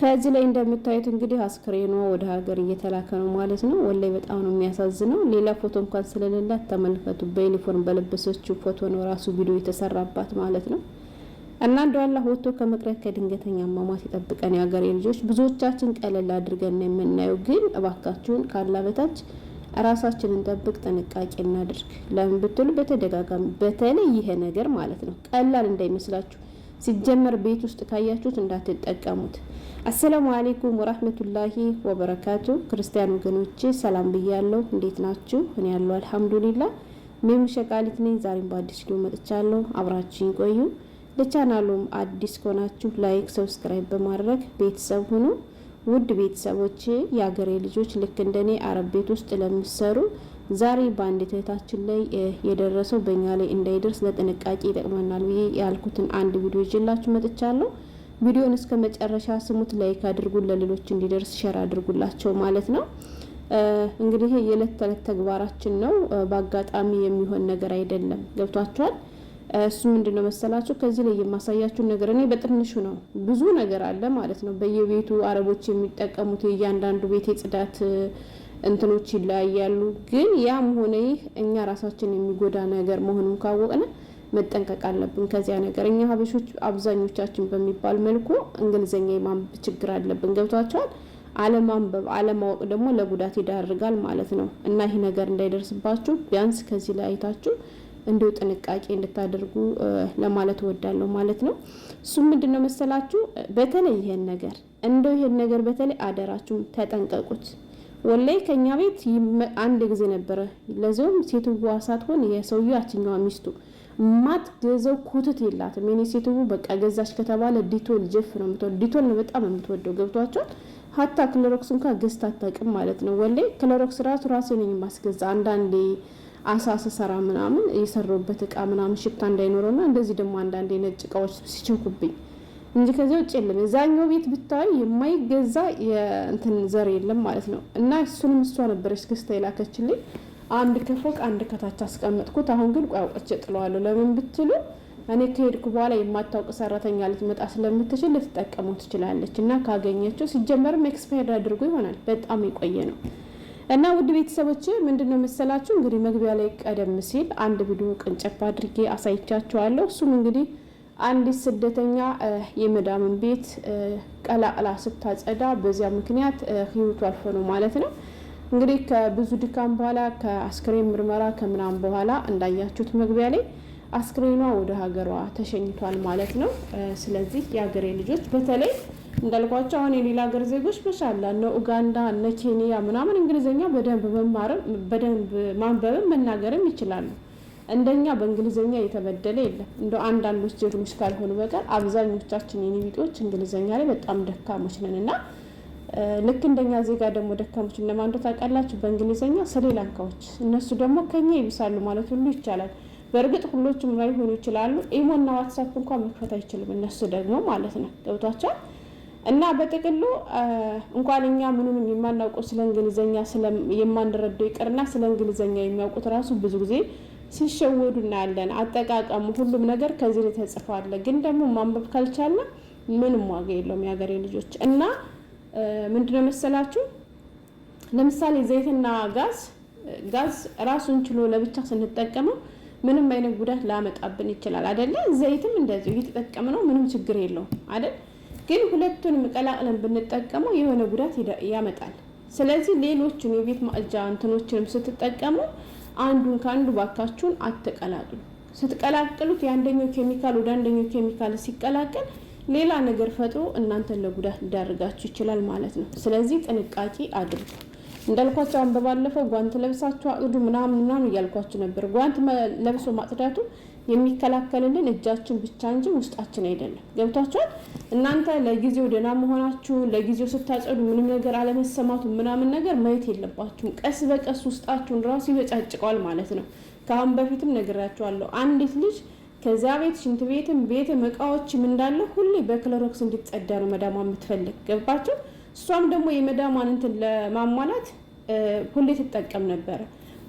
ከዚህ ላይ እንደምታዩት እንግዲህ አስክሬኗ ወደ ሀገር እየተላከ ነው ማለት ነው። ወላይ በጣም ነው የሚያሳዝነው። ሌላ ፎቶ እንኳን ስለሌላት ተመልከቱ። በዩኒፎርም በለበሰችው ፎቶ ነው ራሱ ቪዲዮ የተሰራባት ማለት ነው። እና እንደው አላህ ወጥቶ ከመቅረት ከድንገተኛ አሟሟት ይጠብቀን የሀገሬ ልጆች። ብዙዎቻችን ቀለል አድርገን ነው የምናየው፣ ግን እባካችሁን ካላ በታች ራሳችንን ጠብቅ፣ ጥንቃቄ እናድርግ። ለምን ብትሉ በተደጋጋሚ በተለይ ይሄ ነገር ማለት ነው ቀላል እንዳይመስላችሁ ሲጀመር ቤት ውስጥ ካያችሁት እንዳትጠቀሙት። አሰላሙ አሌይኩም ወራህመቱላሂ ወበረካቱ። ክርስቲያን ወገኖቼ ሰላም ብያለሁ። እንዴት ናችሁ? እኔ ያለው አልሐምዱሊላ። ሜሙ ሸቃሊት ነኝ። ዛሬም በአዲስ ቪዲዮ መጥቻለሁ። አብራችሁኝ ቆዩ። ለቻናሉም አዲስ ከሆናችሁ ላይክ፣ ሰብስክራይብ በማድረግ ቤተሰብ ሁኑ። ውድ ቤተሰቦቼ፣ የአገሬ ልጆች ልክ እንደኔ አረብ ቤት ውስጥ ለምትሰሩ ዛሬ በአንድ እህታችን ላይ የደረሰው በእኛ ላይ እንዳይደርስ ለጥንቃቄ ይጠቅመናል ብዬ ያልኩትን አንድ ቪዲዮ ይዤላችሁ መጥቻለሁ። ቪዲዮን እስከ መጨረሻ ስሙት፣ ላይክ አድርጉን፣ ለሌሎች እንዲደርስ ሸር አድርጉላቸው ማለት ነው። እንግዲህ የዕለት ተዕለት ተግባራችን ነው፣ በአጋጣሚ የሚሆን ነገር አይደለም። ገብቷችኋል? እሱ ምንድን ነው መሰላችሁ? ከዚህ ላይ የማሳያችሁን ነገር እኔ በትንሹ ነው፣ ብዙ ነገር አለ ማለት ነው። በየቤቱ አረቦች የሚጠቀሙት የእያንዳንዱ ቤት የጽዳት እንትኖች ይለያያሉ። ግን ያም ሆነ ይህ እኛ ራሳችን የሚጎዳ ነገር መሆኑን ካወቅነ መጠንቀቅ አለብን ከዚያ ነገር። እኛ ሀበሾች አብዛኞቻችን በሚባል መልኩ እንግሊዝኛ የማንበብ ችግር አለብን። ገብቷቸዋል። አለማንበብ አለማወቅ ደግሞ ለጉዳት ይዳርጋል ማለት ነው እና ይህ ነገር እንዳይደርስባችሁ ቢያንስ ከዚህ ላይ አይታችሁ እንዲሁ ጥንቃቄ እንድታደርጉ ለማለት እወዳለሁ ማለት ነው። እሱም ምንድን ነው መሰላችሁ፣ በተለይ ይሄን ነገር እንደው ይሄን ነገር በተለይ አደራችሁም ተጠንቀቁት። ወላይ ከኛ ቤት አንድ ጊዜ ነበረ። ለዚውም ሴትዋ ሳትሆን የሰውዬው አችኛዋ ሚስቱ ማት ገዘው ኩትት የላትም። የኔ ሴትው በቃ ገዛች ከተባለ ዲቶል ጀፍ ነው የምትወደው። ዲቶል ነው በጣም የምትወደው። ገብቷቸዋል። ሀታ ክሎሮክስ እንኳን ገዝታ አታውቅም ማለት ነው። ወላይ ክሎሮክስ ራሱ ራሴ ነኝ የማስገዛ አንዳንዴ አሳ ስሰራ ምናምን የሰራሁበት እቃ ምናምን ሽታ እንዳይኖረውና እንደዚህ ደግሞ አንዳንዴ ነጭ እቃዎች ሲቸኩብኝ እንጂ ከዚያ ውጭ የለም። የዛኛው ቤት ብታዩ የማይገዛ የእንትን ዘር የለም ማለት ነው። እና እሱንም እሷ ነበረች ገዝታ የላከችልኝ። አንድ ከፎቅ አንድ ከታች አስቀመጥኩት። አሁን ግን ቋውቀች ጥለዋለሁ። ለምን ብትሉ እኔ ከሄድኩ በኋላ የማታውቅ ሰራተኛ ልትመጣ ስለምትችል ልትጠቀሙ ትችላለች። እና ካገኘችው ሲጀመርም ኤክስፓየርድ አድርጎ ይሆናል በጣም የቆየ ነው። እና ውድ ቤተሰቦች ምንድን ነው መሰላችሁ እንግዲህ መግቢያ ላይ ቀደም ሲል አንድ ቪዲዮ ቅንጨፍ አድርጌ አሳይቻችኋለሁ። እሱም እንግዲህ አንዲት ስደተኛ የመዳምን ቤት ቀላቅላ ስታጸዳ በዚያ ምክንያት ህይወቱ አልፎ ነው ማለት ነው። እንግዲህ ከብዙ ድካም በኋላ ከአስክሬን ምርመራ ከምናም በኋላ እንዳያችሁት መግቢያ ላይ አስክሬኗ ወደ ሀገሯ ተሸኝቷል ማለት ነው። ስለዚህ የሀገሬ ልጆች በተለይ እንዳልኳቸው አሁን የሌላ ሀገር ዜጎች መሻላ እነ ኡጋንዳ እነ ኬንያ ምናምን እንግሊዝኛ በደንብ መማርም በደንብ ማንበብም መናገርም ይችላሉ። እንደኛ በእንግሊዝኛ የተበደለ የለም። እንደ አንዳንዶች ጀግኖች ካልሆኑ በቀር አብዛኞቻችን የኒቢጦች እንግሊዝኛ ላይ በጣም ደካሞች ነን እና ልክ እንደኛ ዜጋ ደግሞ ደካሞች እነማን እንደሆነ ታውቃላችሁ? በእንግሊዝኛ ስሪላንካዎች። እነሱ ደግሞ ከኛ ይብሳሉ ማለት ሁሉ ይቻላል። በእርግጥ ሁሎችም ላይሆኑ ይችላሉ። ኢሞና ዋትሳፕ እንኳን መክፈት አይችልም እነሱ ደግሞ ማለት ነው። ገብቷቸዋል። እና በጥቅሉ እንኳን እኛ ምኑንም የማናውቀው ስለ እንግሊዝኛ የማንረደው ይቅርና ስለ እንግሊዝኛ የሚያውቁት ራሱ ብዙ ጊዜ ሲሸወዱ እናያለን። አጠቃቀሙ ሁሉም ነገር ከዚህ ላይ ተጽፏል። ግን ደግሞ ማንበብ ካልቻለ ምንም ዋጋ የለውም። የሀገሬ ልጆች እና ምንድነው መሰላችሁ ለምሳሌ ዘይትና ጋዝ ጋዝ ራሱን ችሎ ለብቻ ስንጠቀመው ምንም አይነት ጉዳት ላመጣብን ይችላል አደለ ዘይትም እንደዚሁ ነው ምንም ችግር የለውም አይደል? ግን ሁለቱንም ቀላቅለን ብንጠቀመው የሆነ ጉዳት ያመጣል። ስለዚህ ሌሎችን የቤት ማጽጃ እንትኖችንም ስትጠቀሙ አንዱን ከአንዱ ባካችሁን አትቀላቅሉ። ስትቀላቅሉት የአንደኛው ኬሚካል ወደ አንደኛው ኬሚካል ሲቀላቀል ሌላ ነገር ፈጥሮ እናንተን ለጉዳት ሊዳርጋችሁ ይችላል ማለት ነው። ስለዚህ ጥንቃቄ አድርጉ። እንዳልኳቸው አሁን በባለፈው ጓንት ለብሳችሁ አጽዱ ምናምን ምናምን እያልኳችሁ ነበር። ጓንት ለብሶ ማጽዳቱ የሚከላከልልን እጃችን ብቻ እንጂ ውስጣችን አይደለም። ገብቷችኋል? እናንተ ለጊዜው ደህና መሆናችሁ፣ ለጊዜው ስታጸዱ ምንም ነገር አለመሰማቱ ምናምን ነገር ማየት የለባችሁም። ቀስ በቀስ ውስጣችሁን ራሱ ይበጫጭቀዋል ማለት ነው። ከአሁን በፊትም ነግራችኋለሁ። አንዲት ልጅ ከዚያ ቤት ሽንት ቤትም ቤትም እቃዎችም እንዳለ ሁሌ በክሎሮክስ እንዲጸዳ ነው መዳሟ የምትፈልግ። ገባችሁ? እሷም ደግሞ የመዳሟን እንትን ለማሟላት ሁሌ ትጠቀም ነበረ።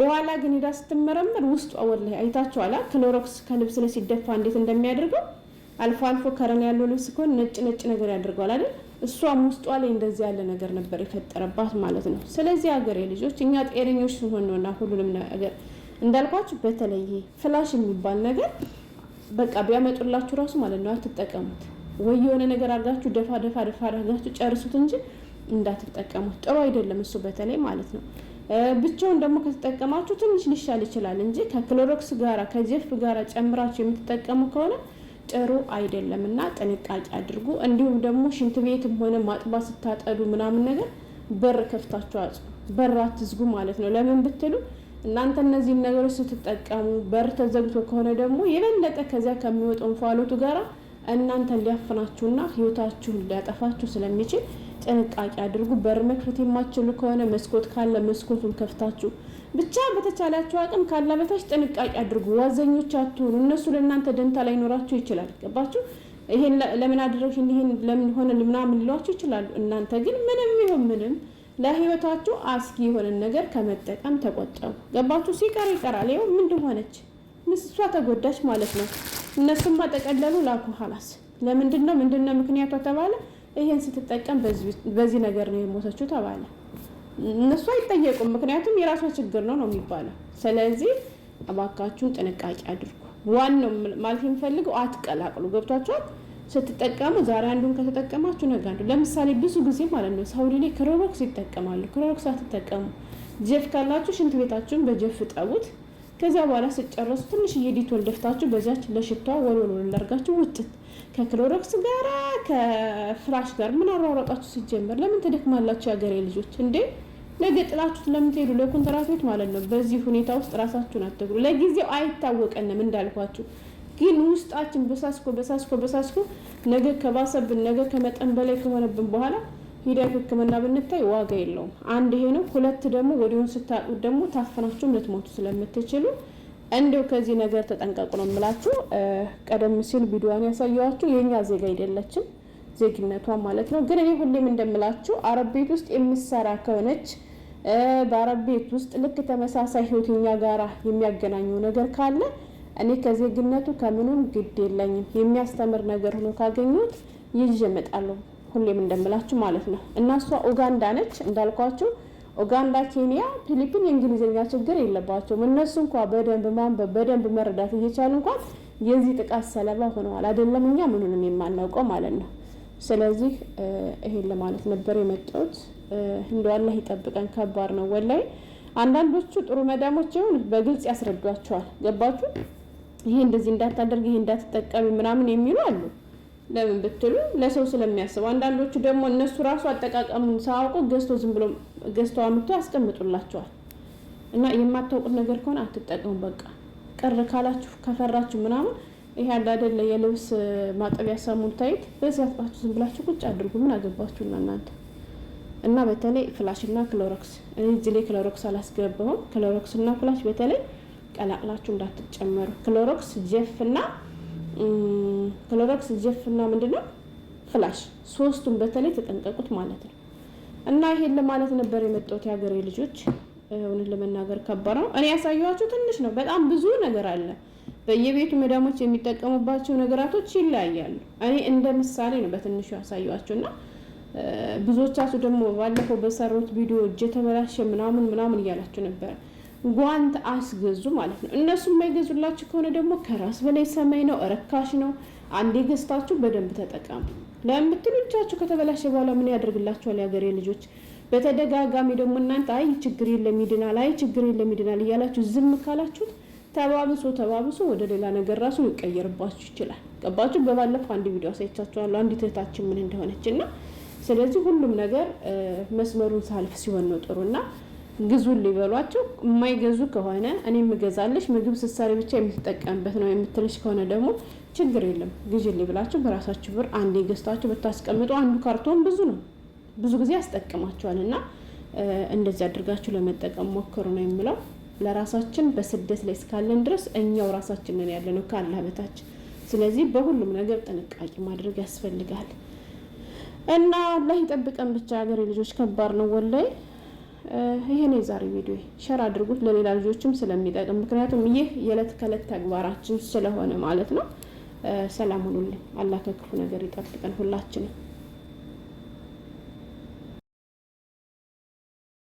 በኋላ ግን ሄዳ ስትመረምር ውስጡ ላይ አይታችኋላ ክሎሮክስ ከልብስ ላይ ሲደፋ እንዴት እንደሚያደርገው አልፎ አልፎ ከረን ያለው ልብስ ከሆነ ነጭ ነጭ ነገር ያደርገዋል አይደል? እሷም ውስጧ ላይ እንደዚህ ያለ ነገር ነበር የፈጠረባት ማለት ነው። ስለዚህ ሀገሬ ልጆች እኛ ጤነኞች ስንሆን ነውና ሁሉንም ነገር እንዳልኳችሁ፣ በተለይ ፍላሽ የሚባል ነገር በቃ ቢያመጡላችሁ ራሱ ማለት ነው አትጠቀሙት። ወይ የሆነ ነገር አድርጋችሁ ደፋ ደፋ ደፋ አድርጋችሁ ጨርሱት እንጂ እንዳትጠቀሙት። ጥሩ አይደለም እሱ በተለይ ማለት ነው። ብቻውን ደግሞ ከተጠቀማችሁ ትንሽ ሊሻል ይችላል እንጂ ከክሎሮክስ ጋራ ከጀፍ ጋራ ጨምራችሁ የምትጠቀሙ ከሆነ ጥሩ አይደለም እና ጥንቃቄ አድርጉ። እንዲሁም ደግሞ ሽንት ቤትም ሆነ ማጥባት ስታጠዱ ምናምን ነገር በር ከፍታችሁ አጽ በር አትዝጉ ማለት ነው። ለምን ብትሉ እናንተ እነዚህን ነገሮች ስትጠቀሙ በር ተዘግቶ ከሆነ ደግሞ የበለጠ ከዚያ ከሚወጣው እንፋሎቱ ጋራ እናንተ ሊያፍናችሁና ህይወታችሁን ሊያጠፋችሁ ስለሚችል ጥንቃቄ አድርጉ። በር መክፈት የማትችሉ ከሆነ መስኮት ካለ መስኮቱን ከፍታችሁ ብቻ በተቻላችሁ አቅም ካላ በታች ጥንቃቄ አድርጉ። ዋዘኞች አትሆኑ። እነሱ ለእናንተ ደንታ ላይኖራችሁ ይችላል። ገባችሁ? ይሄን ለምን አድረግሽ ይህን ለምን ሆነ ምናምን ሊሏችሁ ይችላሉ። እናንተ ግን ምንም ይሁን ምንም ለህይወታችሁ አስጊ የሆነን ነገር ከመጠቀም ተቆጠቡ። ገባችሁ? ሲቀር ይቀራል። ይኸው ምን እንደሆነች እሷ ተጎዳች ማለት ነው። እነሱም አጠቀለሉ ላኩ ሀላስ ለምንድን ነው ምንድን ነው ምክንያቷ ተባለ። ይሄን ስትጠቀም በዚህ ነገር ነው የሞተችው ተባለ። እነሱ አይጠየቁም፣ ምክንያቱም የራሷ ችግር ነው ነው የሚባለው። ስለዚህ እባካችሁን ጥንቃቄ አድርጉ። ዋናው ማለት የሚፈልገው አትቀላቅሉ። ገብቷችኋል? ስትጠቀሙ ዛሬ አንዱን ከተጠቀማችሁ ነገ አንዱ። ለምሳሌ ብዙ ጊዜ ማለት ነው ሰው ላይ ክሮሮክስ ይጠቀማሉ። ክሮሮክስ አትጠቀሙ። ጀፍ ካላችሁ ሽንት ቤታችሁን በጀፍ ጠቡት። ከዚያ በኋላ ስጨረሱ ትንሽ የዲቶል ደፍታችሁ በዚያች ለሽቷ ወልወል ላርጋችሁ ውጥት ከክሎሮክስ ጋር ከፍራሽ ጋር ምን አሯሯጣችሁ? ሲጀመር ለምን ትደክማላችሁ? የሀገሬ ልጆች እንዴ ነገ ጥላችሁት ለምን ትሄዱ? ለኮንትራት ማለት ነው። በዚህ ሁኔታ ውስጥ ራሳችሁን አትግሩ። ለጊዜው አይታወቀንም እንዳልኳችሁ ግን ውስጣችን በሳስኮ በሳስኮ በሳስኮ ነገ ከባሰብን ነገ ከመጠን በላይ ከሆነብን በኋላ ሂደት ህክምና ብንታይ ዋጋ የለውም። አንድ ይሄ ነው። ሁለት ደግሞ ወዲሁን ስታጡት ደግሞ ታፍናችሁም ልትሞቱ ስለምትችሉ እንዲው ከዚህ ነገር ተጠንቀቁ ነው የምላችሁ። ቀደም ሲል ቪዲዮዋን ያሳየዋችሁ የእኛ ዜጋ አይደለችም ዜግነቷ ማለት ነው። ግን እኔ ሁሌም እንደምላችሁ አረብ ቤት ውስጥ የምሰራ ከሆነች በአረብ ቤት ውስጥ ልክ ተመሳሳይ ህይወት የኛ ጋራ የሚያገናኘው ነገር ካለ እኔ ከዜግነቱ ከምኑም ግድ የለኝም። የሚያስተምር ነገር ሆኖ ካገኙት ይዤ እመጣለሁ። ሁሌም እንደምላችሁ ማለት ነው። እና እሷ ኡጋንዳ ነች እንዳልኳችሁ። ኡጋንዳ፣ ኬንያ፣ ፊሊፒን የእንግሊዝኛ ችግር የለባቸውም። እነሱ እንኳ በደንብ ማንበብ በደንብ መረዳት እየቻሉ እንኳን የዚህ ጥቃት ሰለባ ሆነዋል። አይደለም እኛ ምኑንም የማናውቀው ማለት ነው። ስለዚህ ይሄን ለማለት ነበር የመጣሁት። እንደው አላህ ይጠብቀን። ከባድ ነው ወላይ። አንዳንዶቹ ጥሩ መዳሞች ይሁን በግልጽ ያስረዷቸዋል። ገባችሁ? ይሄ እንደዚህ እንዳታደርግ፣ ይሄ እንዳትጠቀሚ ምናምን የሚሉ አሉ ለምን ብትሉ ለሰው ስለሚያስቡ። አንዳንዶቹ ደግሞ እነሱ ራሱ አጠቃቀሙን ሳያውቁ ገዝቶ ዝም ብሎ ገዝቶ አምጥቶ ያስቀምጡላቸዋል። እና የማታውቁት ነገር ከሆነ አትጠቀሙ። በቃ ቅር ካላችሁ ከፈራችሁ ምናምን ይሄ አንድ አይደለ የልብስ ማጠቢያ ሳሙን ታይት በዚህ አጥባችሁ ዝም ብላችሁ ቁጭ አድርጉ። ምን አገባችሁ እናንተ እና በተለይ ፍላሽ እና ክሎሮክስ እዚህ ላይ ክሎሮክስ አላስገባሁም። ክሎሮክስ እና ፍላሽ በተለይ ቀላቅላችሁ እንዳትጨመሩ። ክሎሮክስ ጀፍ እና ክሎሮክስ ጀፍና ምንድነው ፍላሽ ሶስቱን በተለይ ተጠንቀቁት ማለት ነው። እና ይሄን ለማለት ነበር የመጣሁት የሀገሬ ልጆች። እውነት ለመናገር ከባድ ነው። እኔ ያሳየኋቸው ትንሽ ነው። በጣም ብዙ ነገር አለ። በየቤቱ መዳሞች የሚጠቀሙባቸው ነገራቶች ይለያያሉ። እኔ እንደ ምሳሌ ነው በትንሹ ያሳየኋቸው እና ብዙዎቻችሁ ደግሞ ባለፈው በሰሩት ቪዲዮ እጅ የተበላሸ ምናምን ምናምን እያላችሁ ነበረ። ጓንት አስገዙ ማለት ነው። እነሱ የማይገዙላችሁ ከሆነ ደግሞ ከራስ በላይ ሰማይ ነው፣ ረካሽ ነው። አንዴ ገዝታችሁ በደንብ ተጠቀሙ ለምትሉ እጃችሁ ከተበላሸ በኋላ ምን ያደርግላችኋል? የሀገሬ ልጆች በተደጋጋሚ ደግሞ እናንተ አይ ችግር የለም ይድናል፣ አይ ችግር የለም ይድናል እያላችሁ ዝም ካላችሁት ተባብሶ ተባብሶ ወደ ሌላ ነገር ራሱ ሊቀየርባችሁ ይችላል። ገባችሁ? በባለፈው አንድ ቪዲዮ አሳይቻችኋለሁ አንድ እህታችን ምን እንደሆነች እና ስለዚህ ሁሉም ነገር መስመሩን ሳልፍ ሲሆን ነው ጥሩና ግዙ ሊበሏቸው የማይገዙ ከሆነ እኔ የምገዛልሽ ምግብ ስሳሪ ብቻ የምትጠቀምበት ነው የምትልሽ ከሆነ ደግሞ ችግር የለም ግዥ ሊብላቸው በራሳችሁ ብር አንዴ ገዝታችሁ ብታስቀምጡ አንዱ ካርቶን ብዙ ነው፣ ብዙ ጊዜ ያስጠቅማቸዋል። እና እንደዚህ አድርጋችሁ ለመጠቀም ሞክሩ ነው የምለው። ለራሳችን በስደት ላይ እስካለን ድረስ እኛው ራሳችንን ያለ ነው በታች። ስለዚህ በሁሉም ነገር ጥንቃቄ ማድረግ ያስፈልጋል እና አላህ ይጠብቀን ብቻ። ሀገሬ ልጆች ከባድ ነው ወላሂ። ይሄን የዛሬ ቪዲዮ ሸር አድርጉት ለሌላ ልጆችም ስለሚጠቅም፣ ምክንያቱም ይህ የዕለት ከዕለት ተግባራችን ስለሆነ ማለት ነው። ሰላም ሁኑልኝ። አላህ ከክፉ ነገር ይጠብቀን ሁላችንም።